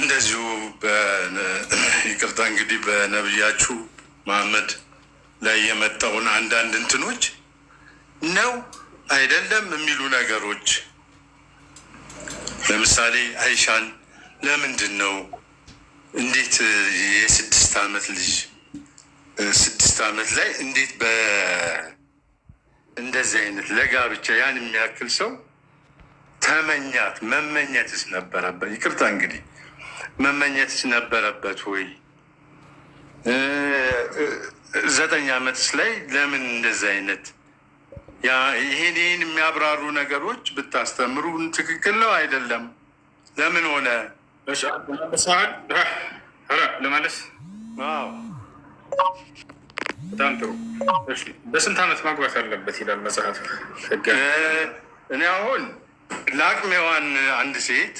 እንደዚሁ ይቅርታ እንግዲህ በነብያችሁ መሐመድ ላይ የመጣውን አንዳንድ እንትኖች ነው አይደለም የሚሉ ነገሮች ለምሳሌ አይሻን ለምንድን ነው እንዴት የስድስት ዓመት ልጅ ስድስት ዓመት ላይ እንዴት እንደዚህ አይነት ለጋብቻ ያን የሚያክል ሰው ተመኛት መመኘትስ ነበረበት? ይቅርታ እንግዲህ መመኘት ነበረበት ወይ? ዘጠኝ ዓመትስ ላይ ለምን እንደዚህ አይነት ይህን ይህን የሚያብራሩ ነገሮች ብታስተምሩ ትክክል ነው አይደለም? ለምን ሆነ ለማለስ በጣም ጥሩ። በስንት ዓመት ማግባት አለበት ይላል መጽሐፍ? እኔ አሁን ለአቅሜዋን አንድ ሴት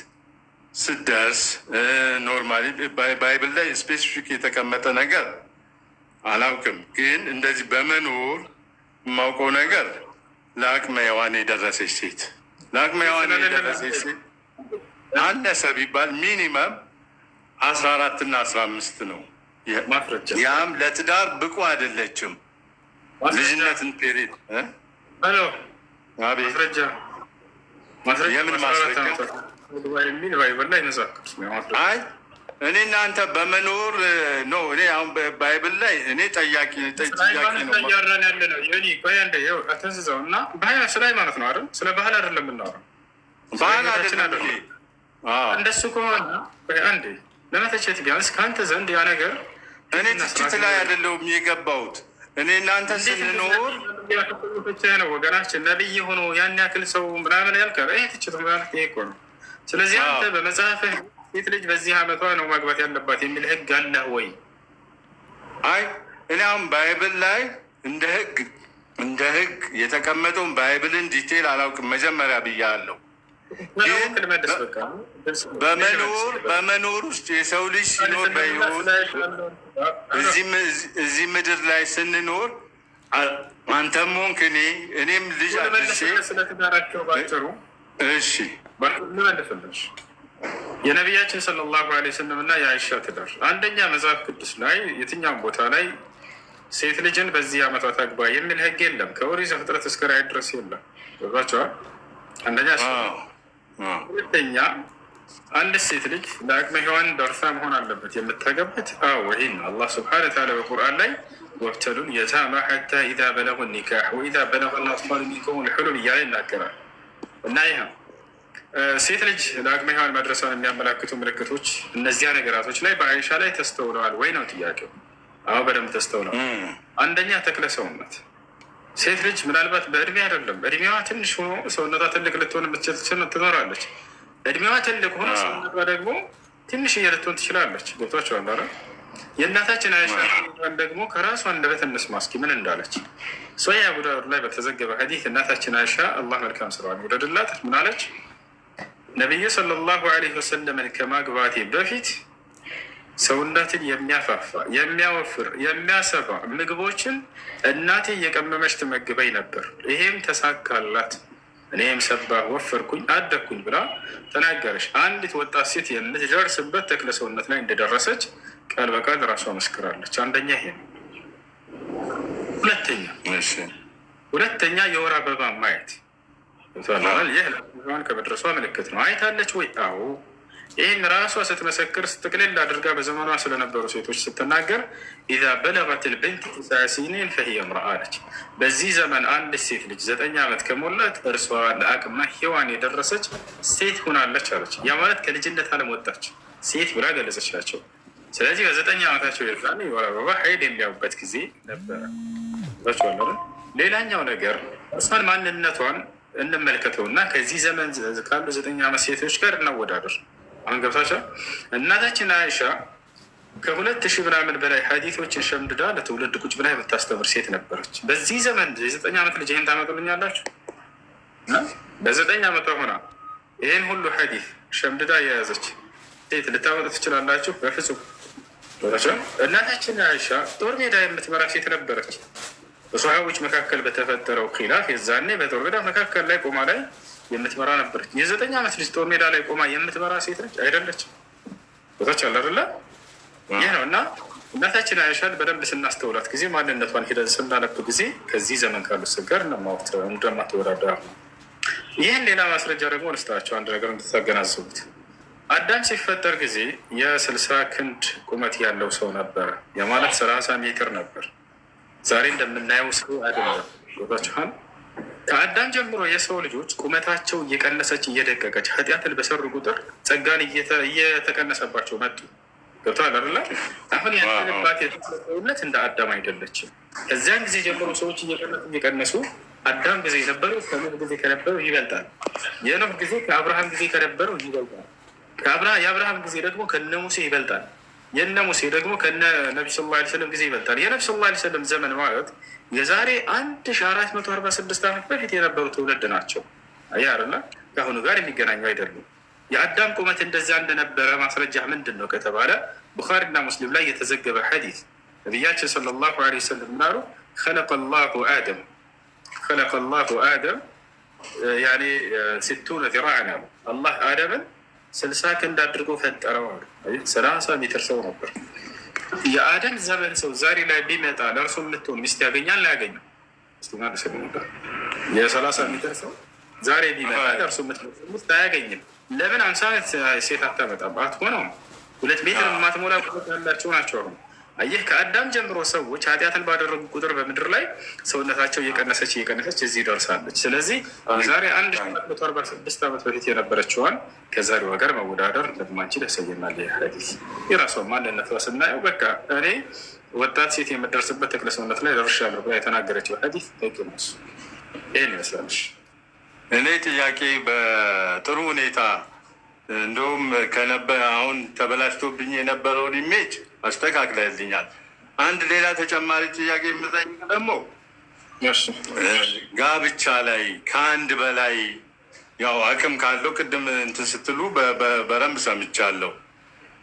ስደርስ ኖርማሊ ባይብል ላይ ስፔሲፊክ የተቀመጠ ነገር አላውቅም፣ ግን እንደዚህ በመኖር የማውቀው ነገር ለአቅመ ሔዋን የደረሰች ሴት ለአቅመ ሔዋን የደረሰች ሴት አነሰ ቢባል ሚኒመም አስራ አራት እና አስራ አምስት ነው። ያም ለትዳር ብቁ አይደለችም። ልጅነትን ማስረጃ የምን ማስረጃ አይ እኔ እናንተ በመኖር ነው። እኔ አሁን ባይብል ላይ እኔ ጠያቂ እያወራን ያለ ነው። ተንስዘው እና ባህል ስላይ ማለት ነው አይደል? ስለ ባህል አይደለም የምናወራው። ባህል አይደለም። እንደሱ ከሆነ አንዴ ለመተቸት ቢያንስ ከአንተ ዘንድ ያ ነገር እኔ ትችት ላይ አይደለሁም የገባሁት። እኔ እናንተ ስንኖር ነው ወገናችን ነብይ ሆኖ ያን ያክል ሰው ምናምን ያልከ ይህ ትችት ማለት ይሄ እኮ ነው ስለዚህ አንተ በመጽሐፍህ ሴት ልጅ በዚህ አመቷ ነው ማግባት ያለባት የሚል ህግ አለ ወይ? አይ እኔ አሁን ባይብል ላይ እንደ ህግ እንደ ህግ የተቀመጠውን ባይብልን ዲቴል አላውቅም። መጀመሪያ ብያለሁ። በመኖር በመኖር ውስጥ የሰው ልጅ ሲኖር በይሆን እዚህ ምድር ላይ ስንኖር አንተም ሆንክ እኔ እኔም ልጅ አድርሼ እሺ ልመልስልሽ። የነቢያችን ሰለላሁ ዐለይሂ ወሰለም እና የአይሻ ትዳር አንደኛ መጽሐፍ ቅዱስ ላይ የትኛውም ቦታ ላይ ሴት ልጅን በዚህ ዓመታት አግባ የሚል ህግ የለም። ከኦሪት ዘፍጥረት እስከ ራዕይ ድረስ የለም። ገባችኋል? አንደኛ ሁለተኛ አንድ ሴት ልጅ ለአቅመ ሔዋን ደርሳ መሆን አለበት የምታገባት። አዎ ይህን አላህ ስብሐነሁ ወተዓላ በቁርአን ላይ ወብተሉል የታማ ሐታ ኢዛ በለጉ ኒካሕ ወኢዛ በለጉ ልአጥፋሉ ሚንኩም ልሑሉም እያለ ይናገራል። እና ይህ ነው ሴት ልጅ ለአቅመ ሔዋን መድረሷን የሚያመላክቱ ምልክቶች እነዚያ ነገራቶች ላይ በአይሻ ላይ ተስተውለዋል ወይ ነው ጥያቄው። አሁ በደንብ ተስተውለዋል። አንደኛ ተክለ ሰውነት ሴት ልጅ ምናልባት በእድሜ አይደለም እድሜዋ ትንሽ ሆኖ ሰውነቷ ትልቅ ልትሆን የምትችል ትኖራለች። እድሜዋ ትልቅ ሆኖ ሰውነቷ ደግሞ ትንሽ እየልትሆን ትችላለች። ገብቷቸዋል። የእናታችን አይሻ ደግሞ ከራሷ አንደበት እንስማ እስኪ ምን እንዳለች። ሶሒህ አቡ ዳውድ ላይ በተዘገበ ሐዲስ እናታችን አይሻ አላህ መልካም ስራዋን ይውደድላት ምን አለች? ነቢዩ ሰለላሁ ዐለይሂ ወሰለምን ከማግባቴ በፊት ሰውነትን የሚያፋፋ የሚያወፍር፣ የሚያሰፋ ምግቦችን እናቴ እየቀመመች ትመግበኝ ነበር። ይሄም ተሳካላት፣ እኔም ሰባ ወፈርኩኝ፣ አደግኩኝ ብላ ተናገረች። አንዲት ወጣት ሴት የምትደርስበት ተክለ ሰውነት ላይ እንደደረሰች ቃል በቃል ራሷ መስክራለች። አንደኛ ይሄ ነው። ሁለተኛ ሁለተኛ የወር አበባ ማየት ይህ ከመድረሷ ምልክት ነው። አይታለች ወይ? አዎ። ይህን ራሷ ስትመሰክር ስትቅልል አድርጋ በዘመኗ ስለነበሩ ሴቶች ስትናገር ኢዛ በለቀት ልብንት ሳያሲኒን ሲኒን ፈሂየ ምርአ አለች። በዚህ ዘመን አንድ ሴት ልጅ ዘጠኝ ዓመት ከሞላት እርሷ ለአቅማ ሔዋን የደረሰች ሴት ሆናለች አለች። ያ ማለት ከልጅነት አለም ወጣች ሴት ብላ ገለጸችላቸው። ስለዚህ በዘጠኝ ዓመታቸው ይርዳን የወር አበባ ሀይል የሚያዩበት ጊዜ ነበረ። ሌላኛው ነገር እሷን ማንነቷን እና ከዚህ ዘመን ካሉ ዘጠኝ ዓመት ሴቶች ጋር እናወዳደር። አሁን ገብታቸው እናታችን አይሻ ከሁለት ሺህ ምናምን በላይ ሀዲቶችን ሸምድዳ ለትውልድ ቁጭ ብላ የምታስተምር ሴት ነበረች። በዚህ ዘመን የዘጠኝ ዓመት ልጅ ይህን ታመጡልኛላችሁ? በዘጠኝ ዓመቷ ሆና ይህን ሁሉ ሀዲት ሸምድዳ የያዘች ሴት ልታመጡ ትችላላችሁ? በፍጹም እናታችን አይሻ ጦር ሜዳ የምትመራ ሴት ነበረች። በሰሃቦች መካከል በተፈጠረው ኪላፍ የዛኔ በጦር ሜዳ መካከል ላይ ቆማ ላይ የምትመራ ነበረች። የዘጠኝ ዓመት ልጅ ጦር ሜዳ ላይ ቆማ የምትመራ ሴት ነች አይደለችም? ቦታች አለ አይደለ? ይህ ነው እና እናታችን አይሻን በደንብ ስናስተውላት ጊዜ ማንነቷን ሂደን ስናነብ ጊዜ ከዚህ ዘመን ካሉ ስጋር እንደማወቅ እንደማትወዳደር ይህን ሌላ ማስረጃ ደግሞ እንስጣቸው አንድ ነገር እንድታገናዘቡት አዳም ሲፈጠር ጊዜ የስልሳ ክንድ ቁመት ያለው ሰው ነበረ። የማለት ሰላሳ ሜትር ነበር። ዛሬ እንደምናየው ሰው አይደለም። ቦታችኋል ከአዳም ጀምሮ የሰው ልጆች ቁመታቸው እየቀነሰች እየደቀቀች ኃጢአትን በሰሩ ቁጥር ጸጋን እየተቀነሰባቸው መጡ። ገብቷል አይደለ? አሁን ያለባት የተሰውነት እንደ አዳም አይደለችም። ከዚያን ጊዜ ጀምሮ ሰዎች እየቀነሱ እየቀነሱ አዳም ጊዜ የነበረው ከኖህ ጊዜ ከነበረው ይበልጣል። የኖህ ጊዜ ከአብርሃም ጊዜ ከነበረው ይበልጣል። የአብርሃም ጊዜ ደግሞ ከነ ሙሴ ይበልጣል። የነ ሙሴ ደግሞ ከነ ነቢ ስ ላ ስለም ጊዜ ይበልጣል። የነቢ ስ ላ ስለም ዘመን ማለት የዛሬ አንድ ሺ አራት መቶ አርባ ስድስት ዓመት በፊት የነበሩ ትውልድ ናቸው። አያርና ከአሁኑ ጋር የሚገናኙ አይደሉም። የአዳም ቁመት እንደዛ እንደነበረ ማስረጃ ምንድን ነው ከተባለ ቡኻሪና ሙስሊም ላይ የተዘገበ ሐዲስ ነቢያችን ሰለላሁ ዐለይሂ ወሰለም ምናሉ خلق الله آدم خلق الله آدم يعني ستون ذراعا الله آدما ስልሳ ክንድ አድርጎ ፈጠረው አሉ። ሰላሳ ሜትር ሰው ነበር። የአደም ዘመን ሰው ዛሬ ላይ ቢመጣ ለእርሱ የምትሆን ሚስት ያገኛል አያገኝም? የሰላሳ ሜትር ሰው ዛሬ ቢመጣ ለእርሱ የምትሆን ሚስት አያገኝም። ለምን አንሳ ሴት አታመጣም? አትሆነውም። ሁለት ሜትር የማትሞላ ያላቸው ናቸው አሁን አየህ ከአዳም ጀምሮ ሰዎች ኃጢአትን ባደረጉ ቁጥር በምድር ላይ ሰውነታቸው እየቀነሰች እየቀነሰች እዚህ ደርሳለች። ስለዚህ የዛሬ አንድ ሺህ ሁለት መቶ አርባ ስድስት ዓመት በፊት የነበረችዋን ከዛሬ ጋር መወዳደር እንደማንችል ያሳየናል። ሐዲስ የራሷን ማንነት ስናየው በቃ እኔ ወጣት ሴት የምደርስበት ተክለ ሰውነት ላይ ደርሻለሁ ብላ የተናገረችው ሐዲስ ጠቂ ነሱ። ይህን ይመስላለች። እኔ ጥያቄ በጥሩ ሁኔታ እንደውም ከነበ አሁን ተበላሽቶብኝ የነበረውን ኢሜጅ አስተካክለልኛል። አንድ ሌላ ተጨማሪ ጥያቄ የምጠይቅ ደግሞ ጋብቻ ላይ ከአንድ በላይ ያው አቅም ካለው ቅድም እንትን ስትሉ በረንብ ሰምቻለሁ።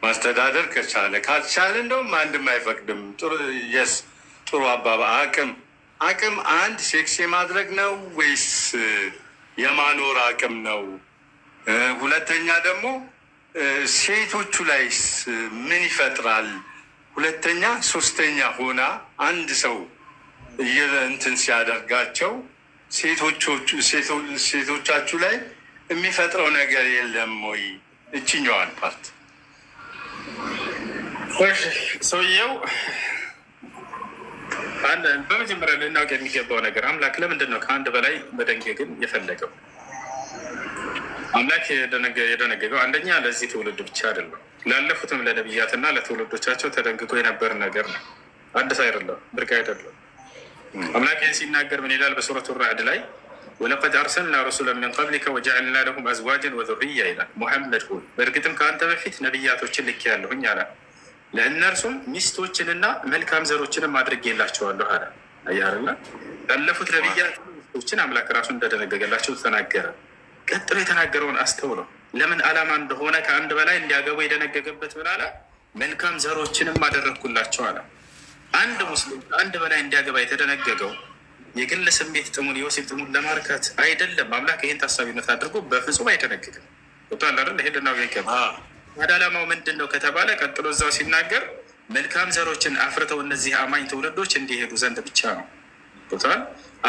ማስተዳደር ከቻለ ካልቻለ እንደውም አንድም አይፈቅድም። የስ ጥሩ አባባ አቅም አቅም አንድ ሴክስ የማድረግ ነው ወይስ የማኖር አቅም ነው? ሁለተኛ ደግሞ ሴቶቹ ላይስ ምን ይፈጥራል? ሁለተኛ ሶስተኛ ሆና አንድ ሰው እንትን ሲያደርጋቸው ሴቶቻችሁ ላይ የሚፈጥረው ነገር የለም ወይ? እችኛዋን ፓርት ሰውየው በመጀመሪያ ልናውቅ የሚገባው ነገር አምላክ ለምንድን ነው ከአንድ በላይ መደንገግን የፈለገው? አምላክ የደነገገው አንደኛ ለዚህ ትውልድ ብቻ አይደለም፣ ላለፉትም ለነብያትና ለትውልዶቻቸው ተደንግጎ የነበር ነገር ነው። አዲስ አይደለም፣ ብርቅ አይደለም። አምላክ ይህን ሲናገር ምን ይላል? በሱረቱ ራዕድ ላይ ወለቀድ አርሰልና ረሱላ ምን ቀብሊከ ወጀዐልና ለሁም አዝዋጅን ወዙርያ ይላል። ሙሐመድ ሆይ በእርግጥም ከአንተ በፊት ነብያቶችን ልክ ያለሁኝ አለ። ለእነርሱም ሚስቶችንና መልካም ዘሮችንም አድርጌላቸዋለሁ አለ። አያርና ላለፉት ነቢያት ሚስቶችን አምላክ ራሱ እንደደነገገላቸው ተናገረ። ቀጥሎ የተናገረውን አስተውለው። ለምን ዓላማ እንደሆነ ከአንድ በላይ እንዲያገቡ የደነገገበት ምን አለ? መልካም ዘሮችንም አደረግኩላቸው አለ። አንድ ሙስሊም ከአንድ በላይ እንዲያገባ የተደነገገው የግል ስሜት ጥሙን የወሲብ ጥሙን ለማርካት አይደለም። አምላክ ይህን ታሳቢነት አድርጎ በፍጹም አይደነግግም። ወቷል አይደል? ይሄ ልናው ይገባ። አዳላማው ምንድን ነው ከተባለ ቀጥሎ እዛው ሲናገር መልካም ዘሮችን አፍርተው እነዚህ አማኝ ትውልዶች እንዲሄዱ ዘንድ ብቻ ነው።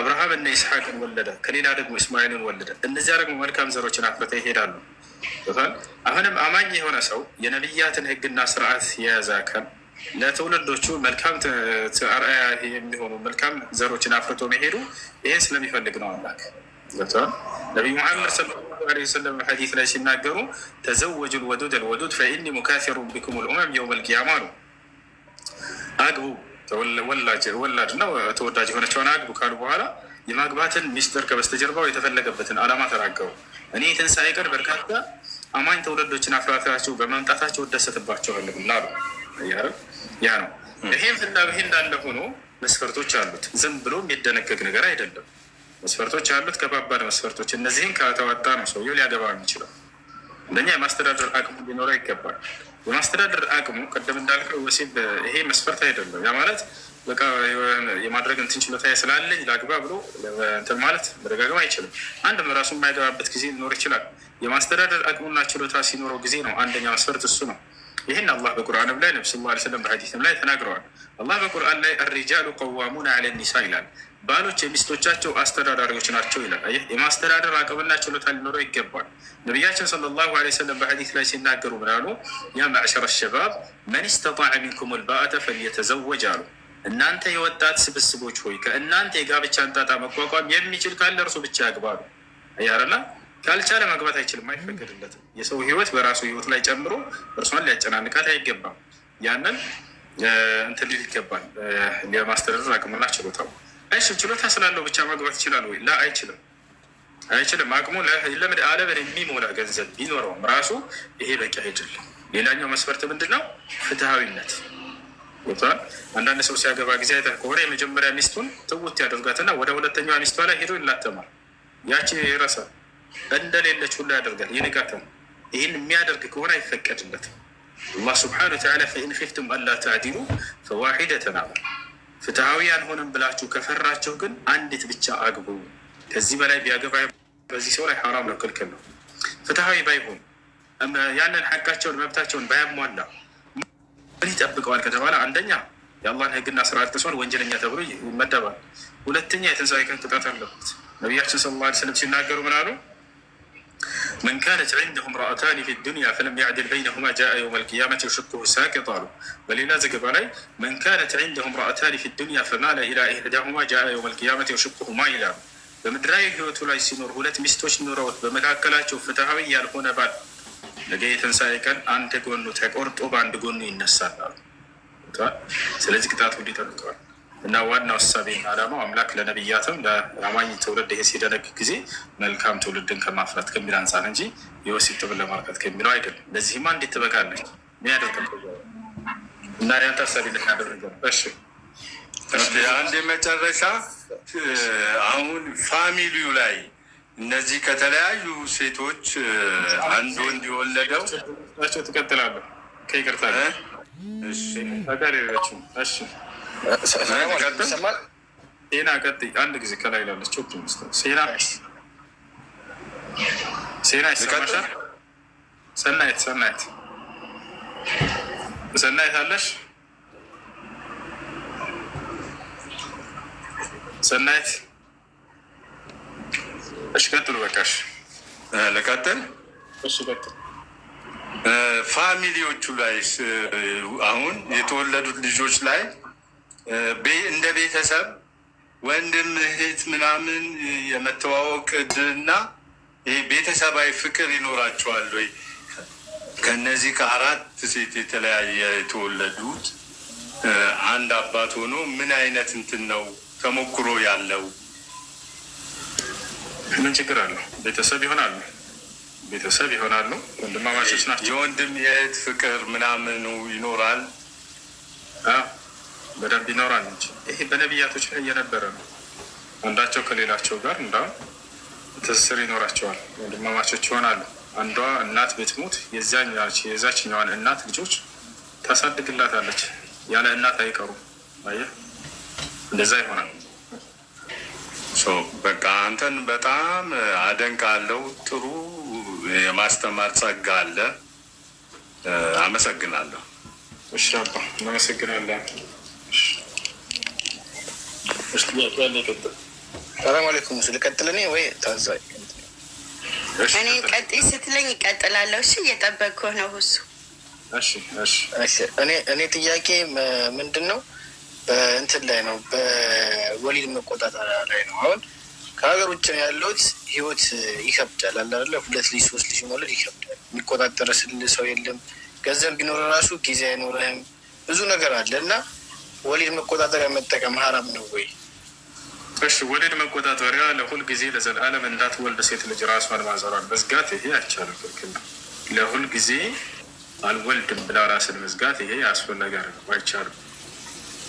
አብርሃም እና ይስሐቅን ወለደ፣ ከሌላ ደግሞ እስማኤልን ወለደ። እነዚያ ደግሞ መልካም ዘሮችን አፍርተ ይሄዳሉ። አሁንም አማኝ የሆነ ሰው የነቢያትን ሕግና ስርዓት የያዘ አካል ለትውልዶቹ መልካም አርአያ የሚሆኑ መልካም ዘሮችን አፍርቶ መሄዱ ይሄ ስለሚፈልግ ነው። አምላክ ገብተዋል። ሙሐመድ ሰለላሁ ዐለይሂ ወሰለም ሐዲስ ላይ ሲናገሩ ተዘወጁ ልወዱድ ልወዱድ ፈኢኒ ሙካፊሩን ቢኩም ልኡመም የውመል ቂያማ አሉ። አግቡ ወላድ ነው ተወዳጅ የሆነችውን አግቡ ካሉ በኋላ የማግባትን ሚስጥር ከበስተጀርባው የተፈለገበትን ዓላማ ተናገሩ። እኔ የትንሣኤ ቀን በርካታ አማኝ ትውልዶችን አፍራፍራችሁ በመምጣታቸው እደሰትባችኋለሁ ላሉ ያ ነው። ይሄም ፍላጎት እንዳለ ሆኖ መስፈርቶች አሉት። ዝም ብሎ የሚደነገግ ነገር አይደለም። መስፈርቶች አሉት፣ ከባባድ መስፈርቶች። እነዚህን ከተዋጣ ነው ሰውየው ሊያገባ የሚችለው። እንደኛ የማስተዳደር አቅሙ ሊኖረው ይገባል። የማስተዳደር አቅሙ ቅድም እንዳልከው ወሲብ ይሄ መስፈርት አይደለም። ያ ማለት በቃ የማድረግ እንትን ችሎታ ስላለኝ ላግባ ብሎ እንትን ማለት መደጋገም አይችልም። አንድም ራሱ የማይገባበት ጊዜ ሊኖር ይችላል። የማስተዳደር አቅሙና ችሎታ ሲኖረው ጊዜ ነው አንደኛ መስፈርት እሱ ነው። ይህን አላህ በቁርአንም ላይ ነብስ ላ ስለም ወሰለም ላይ ተናግረዋል። አላህ በቁርአን ላይ አሪጃሉ ቀዋሙን አለ ኒሳ ይላል። ባሎች የሚስቶቻቸው አስተዳዳሪዎች ናቸው ይላል። የማስተዳደር አቅምና ችሎታ ሊኖረው ይገባል። ነቢያችን ሰለላሁ ዐለይሂ ወሰለም በሐዲስ ላይ ሲናገሩ ምን አሉ? ያ መዕሸረ ሸባብ መን ስተጣዐ ሚንኩም ልባአተ ፈልየተዘወጅ አሉ። እናንተ የወጣት ስብስቦች ሆይ ከእናንተ የጋብቻ ጣጣ መቋቋም የሚችል ካለ እርሱ ብቻ ያግባሉ። አያረላ ካልቻለ መግባት አይችልም፣ አይፈቀድለትም። የሰው ህይወት በራሱ ህይወት ላይ ጨምሮ እርሷን ሊያጨናንቃት አይገባም። ያንን እንትን ሊል ይገባል። የማስተዳደር አቅምና ችሎታው እሺ ችሎታ ስላለው ብቻ ማግባት ይችላል ወይ? ላ አይችልም፣ አይችልም። አቅሙ አለበን የሚሞላ ገንዘብ ቢኖረውም ራሱ ይሄ በቂ አይደለም። ሌላኛው መስፈርት ምንድን ነው? ፍትሐዊነት። አንዳንድ ሰው ሲያገባ ጊዜ አይተህ ከሆነ የመጀመሪያ ሚስቱን ትውት ያደርጋትና ወደ ሁለተኛዋ ሚስቷ ላይ ሄዶ ይላተማል። ያቺ ይረሳል፣ እንደሌለች ሁላ ያደርጋል፣ ይንቃታል። ይህን የሚያደርግ ከሆነ አይፈቀድለትም። አላህ ስብሐነሁ ወተዓላ ፈኢን ኺፍቱም አላ ተዕዲሉ ፈዋሒደተን ፍትሐዊ አልሆነም ብላችሁ ከፈራችሁ ግን አንዲት ብቻ አግቡ። ከዚህ በላይ ቢያገባ በዚህ ሰው ላይ ሐራም ነው፣ ክልክል ነው። ፍትሐዊ ባይሆን ያንን ሐቃቸውን መብታቸውን ባያሟላ ምን ይጠብቀዋል ከተባለ አንደኛ የአላህን ሕግና ስርዓት ጥሷል፣ ወንጀለኛ ተብሎ ይመደባል። ሁለተኛ የትንሣኤ ቀን ቅጣት አለበት። ነቢያችን ሰለላሁ ዓለይሂ ወሰለም ሲናገሩ ምን አሉ? من كانت عنده امرأتان في الدنيا فلم يعدل بينهما جاء يوم القيامة يشقه ساقط قالوا وليلا ዘገባ ላይ من كانت عنده امرأتان في الدنيا فمال إلى إحداهما جاء يوم القيامة يشقهما ይላሉ። በምድራዊ ህይወቱ ላይ ሲኖር ሁለት ሚስቶች ኑረውት በመካከላቸው ፍትሐዊ ያልሆነ ባል ነገ የትንሣኤ ቀን አንድ ጎኑ ተቆርጦ በአንድ ጎኑ ይነሳል አሉ። ስለዚህ ቅጣቱ እንዲጠብቀዋል እና ዋናው እሳቤ አላማው አምላክ ለነብያትም ለአማኝ ትውልድ ይሄ ሲደነግ ጊዜ መልካም ትውልድን ከማፍራት ከሚል አንጻር እንጂ የወሲብ ጥብን ለማርቀት ከሚለው አይደለም። ለዚህማ እንዴት ትበቃለች ሚያደርግ እና ያንተ እሳቤ ልናደርገ አንድ የመጨረሻ አሁን ፋሚሊው ላይ እነዚህ ከተለያዩ ሴቶች አንድ ወንድ የወለደው ቸው ትቀጥላለሁ ከይቅርታ እሺ ሴና አንድ ጊዜ ከላይ ላለች ሴና ሴና ይሰማሻል? ሰናይት ሰናይት ሰናይት አለሽ? ሰናይት እሺ፣ ቀጥሉ። በቃሽ ልቀጥል። እሺ፣ ቀጥል። ፋሚሊዎቹ ላይ አሁን የተወለዱት ልጆች ላይ እንደ ቤተሰብ ወንድም እህት ምናምን የመተዋወቅ እድልና ቤተሰባዊ ፍቅር ይኖራቸዋል ወይ? ከነዚህ ከአራት ሴት የተለያየ የተወለዱት አንድ አባት ሆኖ ምን አይነት እንትን ነው ተሞክሮ ያለው? ምን ችግር አለው? ቤተሰብ ይሆናሉ፣ ቤተሰብ ይሆናሉ። ወንድማማቾች ናቸው። የወንድም የእህት ፍቅር ምናምኑ ይኖራል። በደንብ ይኖራል እንጂ ይሄ በነቢያቶች ላይ እየነበረ ነው። አንዳቸው ከሌላቸው ጋር እንዳውም ትስስር ይኖራቸዋል፣ ወንድማማቾች ይሆናሉ። አንዷ እናት ብትሞት የዛችኛዋን እናት ልጆች ታሳድግላታለች። ያለ እናት አይቀሩም። አየህ፣ እንደዛ ይሆናል። በቃ አንተን በጣም አደንቃለሁ። ጥሩ የማስተማር ጸጋ አለ። አመሰግናለሁ። እሺ አባ፣ እናመሰግናለን። ሰላም አለይኩም። ልቀጥል እኔ ወይ ታዛኝ እኔ ቀጥይ ስትለኝ ይቀጥላለሁ። እሺ እየጠበቅኩህ ነው። እሱ እኔ ጥያቄ ምንድን ነው በእንትን ላይ ነው በወሊድ መቆጣጠር ላይ ነው። አሁን ከሀገር ውጭ ነው ያለሁት። ህይወት ይከብዳል አለ ሁለት ልጅ ሶስት ልጅ መውለድ ይከብዳል። የሚቆጣጠረ ስል ሰው የለም። ገንዘብ ቢኖር ራሱ ጊዜ አይኖርህም። ብዙ ነገር አለ እና ወሊድ መቆጣጠሪያ መጠቀም ሀራም ነው ወይ? እሺ ወሊድ መቆጣጠሪያ ለሁል ጊዜ ለዘላለም እንዳትወልድ ሴት ልጅ ራሷን ማዘሯን መዝጋት ይሄ አይቻልም፣ ክልክል ለሁል ጊዜ አልወልድም ብላ ራስን መዝጋት ይሄ አስፈላጊ አይደለም፣ አይቻልም።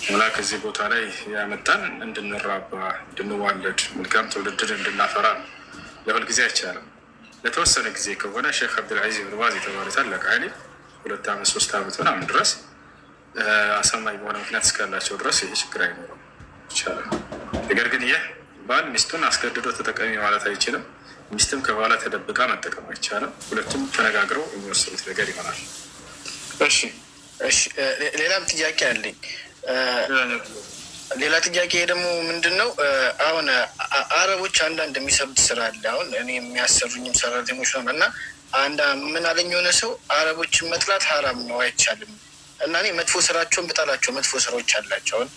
አምላክ እዚህ ቦታ ላይ ያመጣን እንድንራባ፣ እንድንዋለድ፣ መልካም ትውልድን እንድናፈራ ለሁል ጊዜ አይቻልም። ለተወሰነ ጊዜ ከሆነ ሼክ አብዱልዓዚዝ ብን ባዝ የተባለ ታላቅ ዓሊም ሁለት ዓመት ሶስት ዓመት ምናምን ድረስ አሳማኝ በሆነ ምክንያት እስካላቸው ድረስ ይሄ ችግር አይኖረም፣ ይቻላል። ነገር ግን ይህ ባል ሚስቱን አስገድዶ ተጠቀሚ ማለት አይችልም። ሚስትም ከኋላ ተደብቃ መጠቀም አይቻልም። ሁለቱም ተነጋግረው የሚወስኑት ነገር ይሆናል። እሺ እሺ። ሌላም ጥያቄ አለኝ። ሌላ ጥያቄ ደግሞ ምንድን ነው፣ አሁን አረቦች አንዳንድ የሚሰብድ ስራ አለ። አሁን እኔ የሚያሰሩኝም ሰራተኞች ነው እና አንድ ምን አለኝ የሆነ ሰው አረቦችን መጥላት ሀራም ነው አይቻልም እና እኔ መጥፎ ስራቸውን ብጠላቸው መጥፎ ስራዎች አላቸውን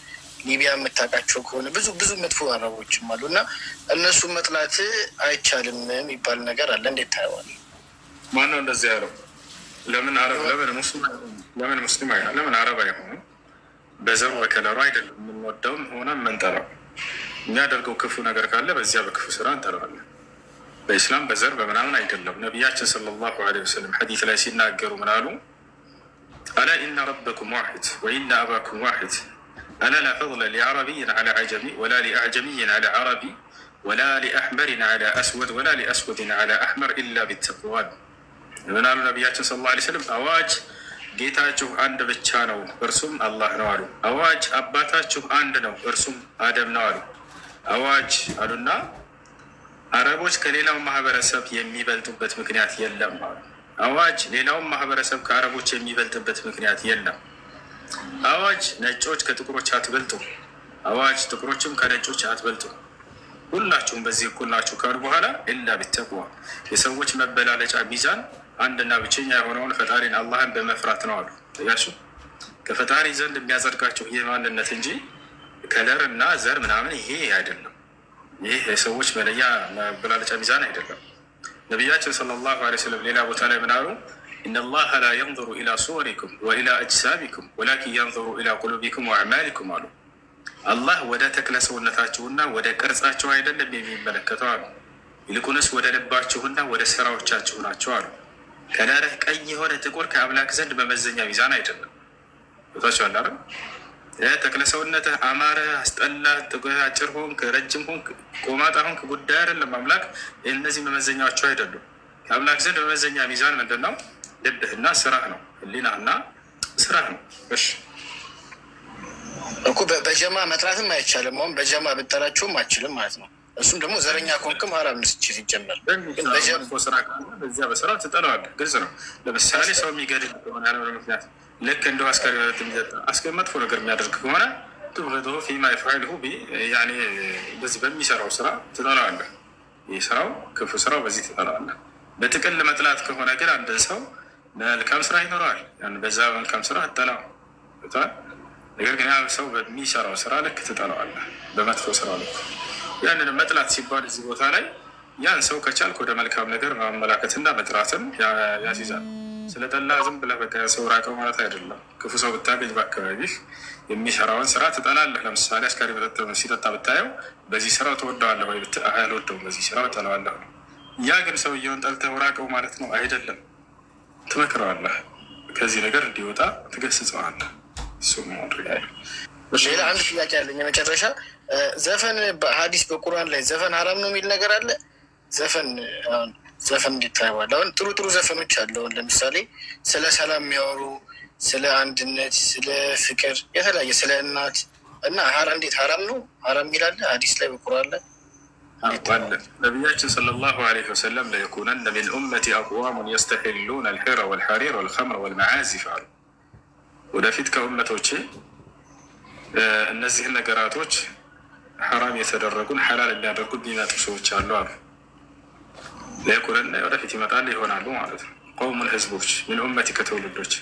ሊቢያ የምታውቃቸው ከሆነ ብዙ ብዙ መጥፎ አረቦችም አሉ እና እነሱ መጥላት አይቻልም የሚባል ነገር አለ። እንዴት ታየዋል? ማን ነው እንደዚህ ያለው? ለምን ለምን ሙስሊም ለምን አረብ አይሆኑ? በዘሩ በከለሩ አይደለም የምንወደውም ሆነ የምንጠላው የሚያደርገው ክፉ ነገር ካለ በዚያ በክፉ ስራ እንጠራዋለን። በኢስላም በዘር በምናምን አይደለም። ነቢያችን ሰለላሁ ዐለይሂ ወሰለም ሐዲት ላይ ሲናገሩ ምናሉ አላ ኢነ ረበኩም ዋሂድ ወኢነ አባኩም ዋሂድ أنا لا فضل لعربي على عجمي ولا لأعجمي على عربي ولا لأحمر على أسود ولا لأسود على أحمر إلا بالتقوى ምን አሉ ነቢያችን ስለ ላ ስለም አዋጅ ጌታችሁ አንድ ብቻ ነው እርሱም አላህ ነው አሉ። አዋጅ አባታችሁ አንድ ነው እርሱም አደም ነው አሉ። አዋጅ አሉና አረቦች ከሌላው ማህበረሰብ የሚበልጡበት ምክንያት የለም አሉ። አዋጅ ሌላውም ማህበረሰብ ከአረቦች የሚበልጥበት ምክንያት የለም። አዋጅ ነጮች ከጥቁሮች አትበልጡ፣ አዋጅ ጥቁሮችም ከነጮች አትበልጡ፣ ሁላችሁም በዚህ እኩል ናችሁ ካሉ በኋላ ኢላ ቢተቅዋ የሰዎች መበላለጫ ሚዛን አንድና ብቸኛ የሆነውን ፈጣሪን አላህን በመፍራት ነው አሉ። ያሱ ከፈጣሪ ዘንድ የሚያጸድቃቸው ይህ ማንነት እንጂ ከለር እና ዘር ምናምን ይሄ አይደለም። ይህ የሰዎች መለያ መበላለጫ ሚዛን አይደለም። ነቢያችን ሰለላሁ ዐለይሂ ወሰለም ሌላ ቦታ ላይ ምናሉ ኢነላሀ ላ የንظሩ ኢላ ሱወሪኩም ወኢላ አጅሳቢኩም ወላኪን የንظሩ ኢላ ቁሉቢኩም ወአዕማሊኩም አሉ። አላህ ወደ ተክለ ሰውነታችሁና ወደ ቅርጻቸው አይደለም የሚመለከተው አሉ። ይልቁንስ ወደ ልባችሁና ወደ ስራዎቻችሁ ናቸው አሉ። ከለርህ ቀይ የሆነ ጥቁር ከአምላክ ዘንድ መመዘኛ ሚዛን አይደለም። ቦታቸው አላረ ተክለ ሰውነትህ አማረ፣ አስጠላ፣ አጭር ሆንክ፣ ረጅም ሆንክ፣ ቆማጣ ሆንክ ጉዳይ አይደለም አምላክ። እነዚህ መመዘኛቸው አይደሉም። ከአምላክ ዘንድ መመዘኛ ሚዛን ምንድን ነው? ልብህና ስራህ ነው። ህሊናና ስራህ ነው። እሺ እኮ በጀማ መጥራትም አይቻልም። አሁን በጀማ ብጠራችሁም አችልም ማለት ነው። እሱም ደግሞ ዘረኛ ኮንክም አራ ምስች ሲጀመር በዚያ በስራ ትጠለዋለህ። ግልጽ ነው። ለምሳሌ ሰው የሚገድል ከሆነ ያለ ምክንያት ልክ እንደ አስከሪ አስከሪ መጥፎ ነገር የሚያደርግ ከሆነ ትብቶ ፊማ ይፍልሁ በዚህ በሚሰራው ስራ ትጠለዋለህ። ይህ ስራው ክፉ ስራው በዚህ ትጠለዋለህ። በጥቅል መጥላት ከሆነ ግን አንድ ሰው መልካም ስራ ይኖረዋል። በዛ መልካም ስራ አጠላው ብቷል። ነገር ግን ያ ሰው በሚሰራው ስራ ልክ ትጠላዋለህ፣ በመጥፎ ስራ ልክ። ያንን መጥላት ሲባል እዚህ ቦታ ላይ ያን ሰው ከቻልክ ወደ መልካም ነገር ማመላከትና መጥራትን ያስይዛል። ስለጠላ ዝም ብለህ በቃ ሰው ራቀው ማለት አይደለም። ክፉ ሰው ብታገኝ በአካባቢህ የሚሰራውን ስራ ትጠላለህ። ለምሳሌ አስካሪ መጠጥ ሲጠጣ ብታየው በዚህ ስራው ተወደዋለህ ወይ? አልወደውም፣ በዚህ ስራው እጠላዋለሁ። ያ ግን ሰውየውን ጠልተው ራቀው ማለት ነው አይደለም። ትመክረዋለህ፣ ከዚህ ነገር እንዲወጣ ትገስጸዋለህ። እሱ ሌላ አንድ ጥያቄ አለኝ የመጨረሻ ዘፈን ሀዲስ በቁርአን ላይ ዘፈን ሀራም ነው የሚል ነገር አለ። ዘፈን አሁን ዘፈን እንዲታይዋል። አሁን ጥሩ ጥሩ ዘፈኖች አሉ። ለምሳሌ ስለ ሰላም የሚያወሩ ስለ አንድነት፣ ስለ ፍቅር፣ የተለያየ ስለ እናት እና ሀራ እንዴት ሀራም ነው ሀራም የሚላለ ሀዲስ ላይ በቁርአን ላይ وأن صلى الله عليه وسلم ليكونن من امتي أقوام يستحلون الحر والحرير والخمر والمعازف على ودفتك أمتوتشي آه، النزيه النقراتوتش حرام يتدرقون حلال اللي أدركوا الدينة تسوتش على الله ليكونن ودفتي مطالي هنا على قوم هزبوتش من أمتك تولدوتش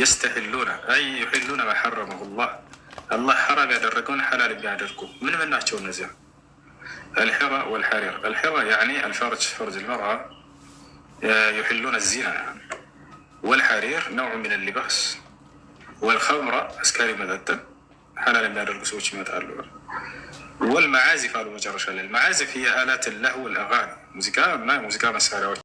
يستحلون أي يحلون ما حرمه الله الله حرام يتدرقون حلال اللي أدركوا من من ناتشون نزيه الحرة والحرير الحرة يعني الفرج فرج المرأة آه، يحلون الزنا والحرير نوع من اللباس والخمرة أسكاري مدتا حلال من الرسوش مدالو والمعازف على المجرشة المعازف هي آلات اللهو والأغاني موسيقى ما موسيقى مسارة